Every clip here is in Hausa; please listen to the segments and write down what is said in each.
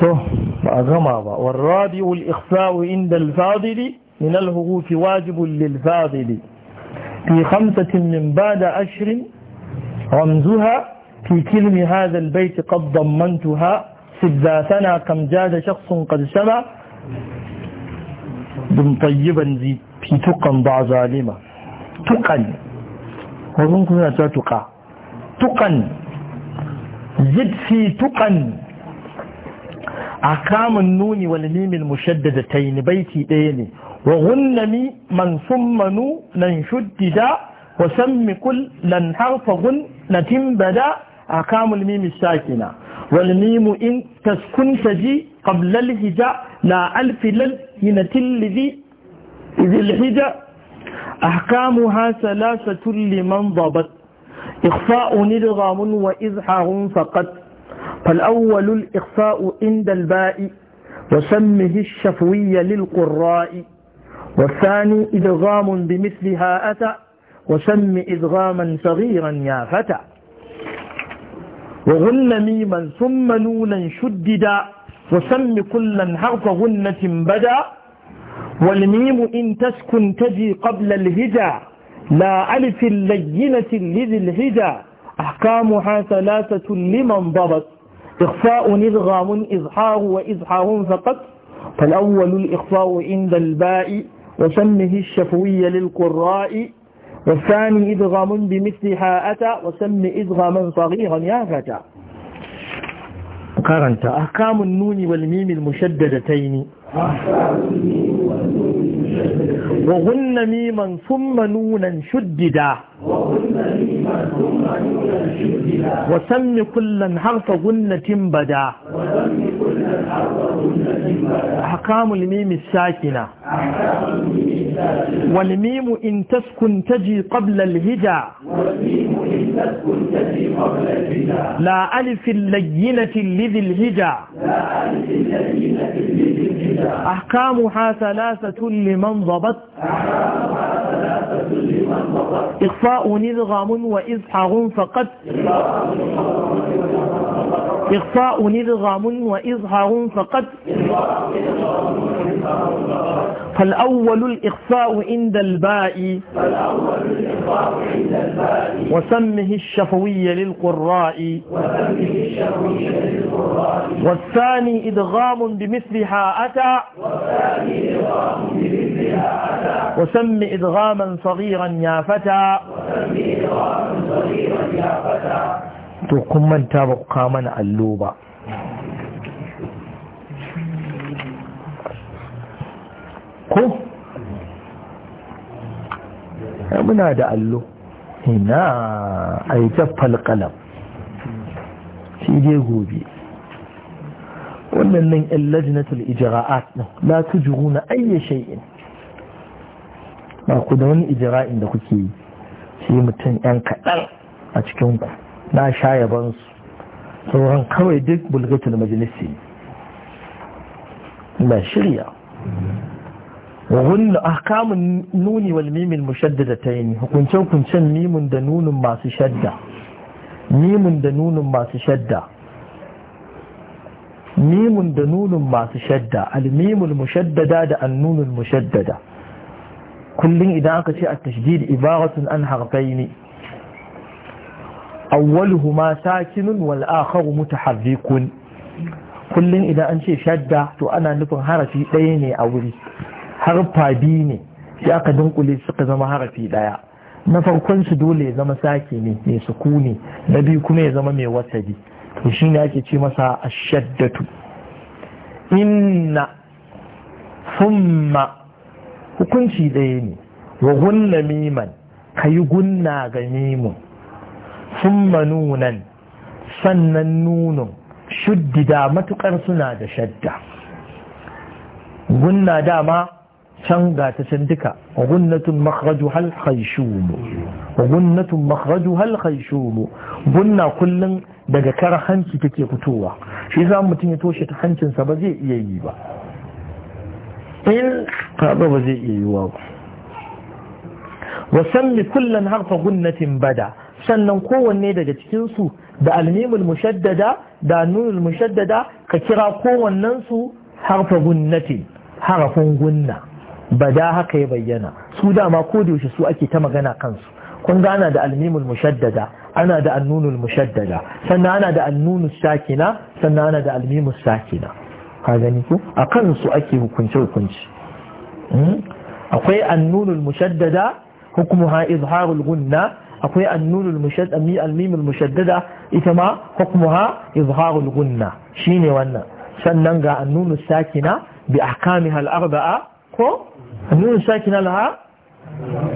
فأغمض والرابع الإخفاء عند الفاضل من الهروف واجب للفاضل في خمسة من بعد أشر رمزها في كلم هذا البيت قد ضمنتها سداتنا كم جاد شخص قد سمع دم طيبا زي في تقا ضع ظالمة تقا وظنكم تقا تقا زد في تقا أقام النون والميم المشددتين بيتي ديني وغنمي من ثم نو ننشدد وسم كل لن حرف غن نتم بدا أقام الميم الساكنة والميم إن تسكن تجي قبل الهجاء لا ألف لل هنا الذي إذ الهجاء أحكامها ثلاثة لمن ضبط إخفاء إدغام وإذحاهم فقط فالأول الإخفاء عند الباء وسمه الشفوي للقراء والثاني إدغام بمثلها أتى وسم إدغاما صغيرا يا فتى وغن ميما ثم نونا شددا وسم كلا حرف غنة بدا والميم إن تسكن تجي قبل الهجا لا ألف اللينة لذي الهجا أحكامها ثلاثة لمن ضبط إخفاء إدغام إظهار وإظهار فقط فالأول الإخفاء عند الباء وسمه الشفوي للقراء والثاني إدغام بمثلها أتى وسم إدغاما صغيرا يا فتى قرنت أحكام النون والميم المشددتين وغن ميما ثم نونا شددا وسم كل حرف غنة بدا أحكام الميم الساكنة والميم إن تسكن تجي قبل الهجا لا ألف اللينة لذي الهجا أحكامها ثلاثة لمن ضبط أحكامها إخفاء إذغام وإزحاغ فقد إخفاء إدغام وإظهار فقد فالأول الإخفاء عند الباء وسمه الشفوي للقراء والثاني إدغام بمثلها أتى وسم إدغاما صغيرا يا فتى to kun manta ba ku kawo mana allo ba ko eh, muna da allo ina a yi jaffal kalam shi dai gobe wannan nan yan lajinatul ijra'at na la tujuru na ayyar shay'in ba ku da wani ijira'in da kuke yi Shi mutum yan kaɗan a cikinku na sha yabansu sauran kawai duk bulgatul majalisi na shirya nuni wal النون والميم المشددتين hukunce hukuncen mimun da nunun masu shadda mimun da nunun masu shadda mimun da nunun masu shadda almimul mushaddada da annunul mushaddada kullum idan aka ce a tashdid ibaratun an harfaini awwaluhuma sakinun wal akharu mutaharrikun kullum idan an ce shadda to ana nufin harafi ɗaya ne a wuri harfa biyu ne sai aka dunkule suka zama harafi ɗaya na farkon su dole ya zama saki ne mai sukuni na biyu kuma ya zama mai wasabi. to shi ne ake ce masa ashaddatu inna summa hukunci ɗaya ne wa gunna miman ka gunna ga mimun summa nunan sannan nunun shuddida matukar suna da shadda gunna dama can ga ta can duka gunnatun makhraju hal khayshumu gunnatun makhraju hal khayshumu gunna kullun daga kar hanci take fitowa shi yasa mutum ya toshe ta hancinsa ba zai iya yi ba in ka ba zai iya yiwa ba wasan mi kullun harfa gunnatin bada sannan kowanne daga cikinsu da almimul mushaddada da nunul mushaddada ka kira kowannensu harfa gunnatin harafin gunna ba da haka ya bayyana su dama ko da yaushe su ake ta magana kansu kun ga ana da almimul mushaddada ana da annunul mushaddada sannan ana da annunus sakina sannan ana da almimus sakina ka gani ko a kansu ake hukunce hukunci hmm? akwai annunul mushaddada hukmuha izharul gunna أقول النون المشد الميم المشددة إتما حكمها إظهار الغنة شيني وانا سننغى النون الساكنة بأحكامها الأربعة كو النون الساكنة لها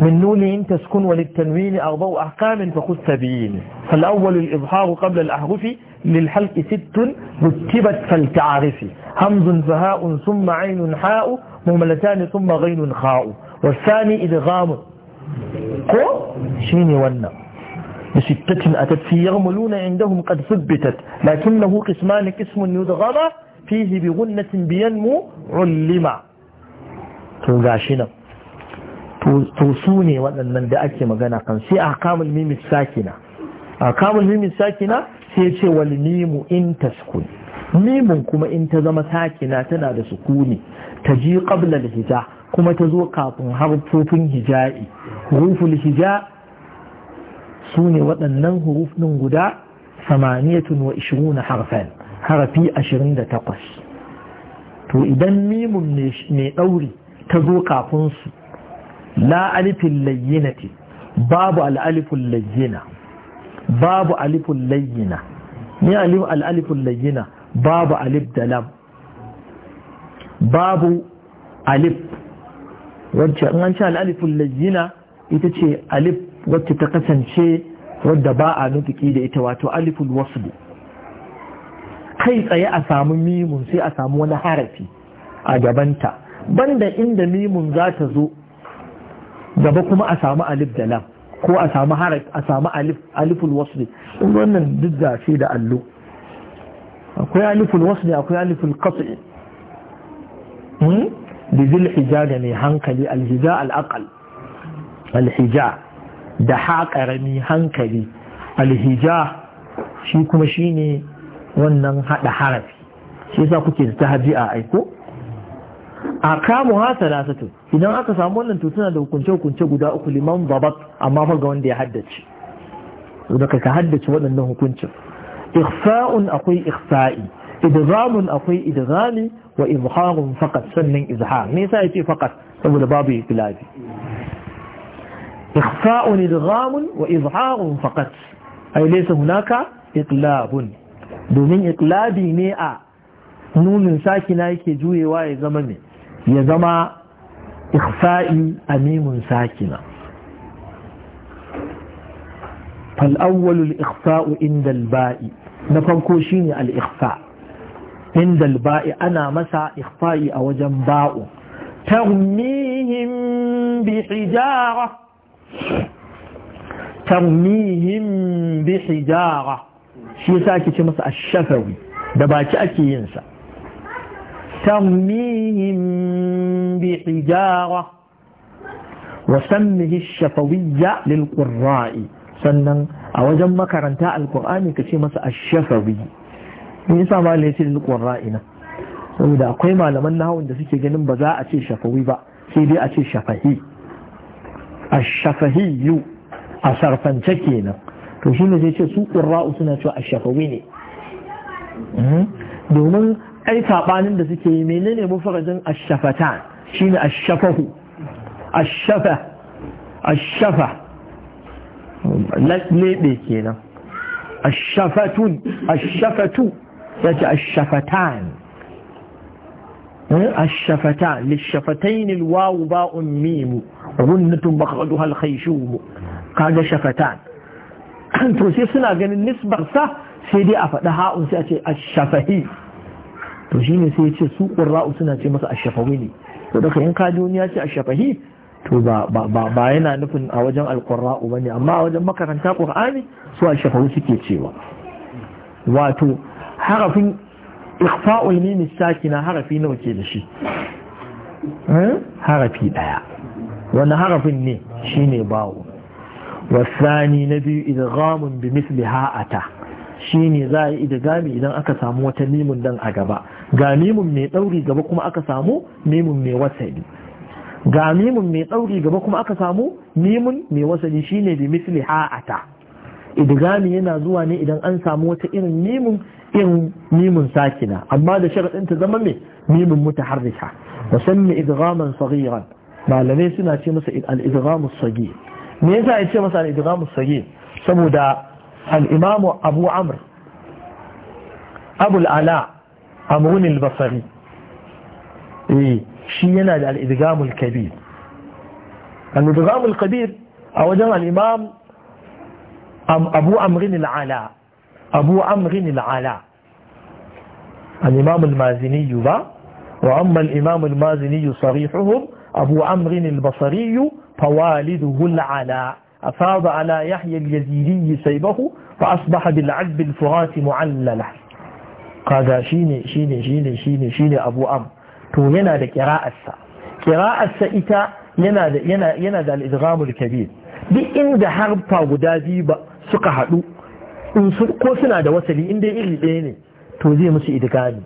من نون تسكن وللتنوين أربع أحكام فخذ سبيين فالأول الإظهار قبل الأحرف للحلق ست رتبت فالتعارف همز فهاء ثم عين حاء مملتان ثم غين خاء والثاني إذ غام شيني ونا بستة أتت في يغملون عندهم قد ثبتت لكنه قسمان قسم يدغر فيه بغنة بينمو علم توقاشنا توصوني وانا من دعك مغانا سي أحكام الميم الساكنة أحكام الميم الساكنة سيتي والميم إن تسكن ميم كما إن تزم ساكنة تنا لسكوني تجي قبل الهجاح kuma ta zo kafin harfofin hija'i huruful hija su ne waɗannan huruf ɗin guda 28 harfan harafi 28 to idan mimun mai ɗauri ta zo kafin su la alifin layyinati babu al'alifin layyina babu alifin layyina ni al'alifin layyina babu alif da babu alif wacce in an ce al'alifin layyina ita ce alif wacce ta kasance wadda ba a nutuki da ita wato alifin wasu kai tsaye a samu mimun sai a samu wani harafi a gabanta banda inda mimun za ta zo gaba kuma a samu alif da lam ko a samu haraf a samu alif aliful wasli wannan duk da shi da allo akwai aliful wasli akwai aliful kasu. hmm bizil da mai hankali alhija al'aqal alhija da haƙarami hankali alhija shi kuma shi ne wannan haɗa harafi shi yasa kuke ta tahaji a aiko a kamu ha salasatu idan aka samu wannan to da hukunce-hukunce guda uku liman babat amma fa ga wanda ya haddace daga ka haddace waɗannan hukuncin ikhfa'un akwai ikhfa'i idghamun akwai idghami wa izharun faqat sannan izhar me yasa yace faqat saboda babu iklabi ikhfa'un idghamun wa izharun faqat ay laysa hunaka domin iklabi ne a nunin sakina yake juyewa ya zama ne ya zama ikhfa'i amimun sakina فالأول الإخفاء na farko shine al-ikfa. inda ba'i ana masa ikfai a wajen ba'u tarmihim bi hijara tarmihim bi hijara shi yasa ake ce masa ash-shafawi da baki ake yin sa tarmihim bi hijara wa sammihi shafawiyya lil qurra'i sannan a wajen makaranta alqur'ani kace masa ash-shafawi in yasa ma ne ce liƙon ra'ina saboda akwai malaman hawan da suke ganin ba za a ce shafawi ba sai dai a ce shafahi a shafahi yu a sarfance kenan to shi ne zai ce su ƙurra'u suna cewa a shafawi ne hmm? domin ai saɓanin da suke yi menene a shafahu, a shafa, a shafa, lebe kenan ashafatun ashafatu ya ce ashafatan hmm? ashafatan lishafatain alwawu ba'un mim gunnatun baqaduha alkhayshum kaga shafatan to sai suna ganin nisbarsa sai dai a faɗi ha'un sai a ce ashafahi to shine sai ya ce su ƙura'u suna ce masa ashafawi ne to daga in ka duniya ce ashafahi to ba yana nufin a wajen ba ne amma a wajen makaranta qur'ani su ashafawi suke cewa wato harafin ikfa'ul mim sakina harafi nawa ke da shi eh? harafi daya wannan harafin ne shine bawo wasani na biyu idghamun bi misli ha'ata shine za a yi idgami idan aka samu wata mimun dan a gaba ga mimun mai dauri gaba kuma aka samu mimun mai wasali ga mimun mai dauri gaba kuma aka samu mimun mai wasali shine bi misli ha'ata idgami yana zuwa ne idan an samu wata irin mimun irin mimun sakina amma da sharadin ta zama me mimun mutaharrika musamman idgaman saghiran malamai suna ce masa al-idgamu saghir me yasa ya ce masa al-idgamu saghir saboda al-imamu Abu Amr abul ala Amrun al-Basri eh shi yana da al-idgamu al-kabir al-idgamu al-kabir a wajen al-imam أبو أمر العلاء أبو أمر العلاء الإمام المازني با وأما الإمام المازني صريحهم أبو أمر البصري فوالده العلاء أفاض على يحيى اليزيدي سيبه فأصبح بالعذب الفرات معللا قال شيني شيني شيني شيني شيني أبو أم تو ينا دا قراءة سا قراءة سا إتا ينا دا, الإدغام الكبير بإن إن حرب فاقدا دي suka haɗu ko suna da wasali inda iri ɗaya ne to zai musu idigami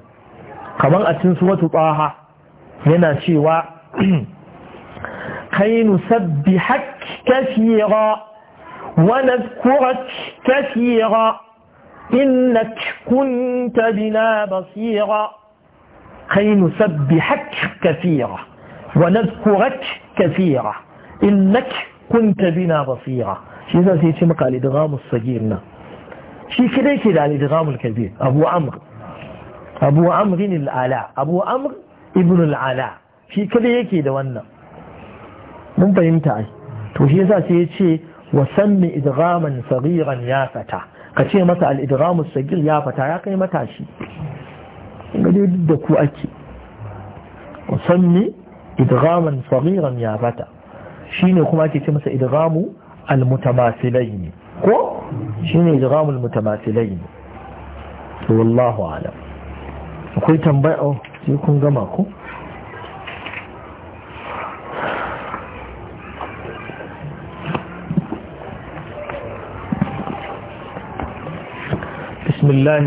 kamar a cin su wata tsaha yana cewa kai nusabbi kafira wa nadhkurak kafira إنك كنت بنا بصيرا كي نسبحك كثيرا ونذكرك كثيرا إنك kunta bina basira shi yasa sai ce maka al-idghamus sagir na shi kadai ke da al kabir abu amr abu amr al-ala abu amr ibn al shi kadai yake da wannan mun fahimta ai to shi yasa sai ya ce wa sammi idghaman sagiran ya fata ka ce masa al-idghamus sagir ya fata ya kai matashi ga duk da ku ake wa sammi idghaman sagiran ya fata shine kuma ake ce masa idghamu المتماثلين كو شنو إدغام المتماثلين والله أعلم akwai tambaya oh sai kun gama بسم الله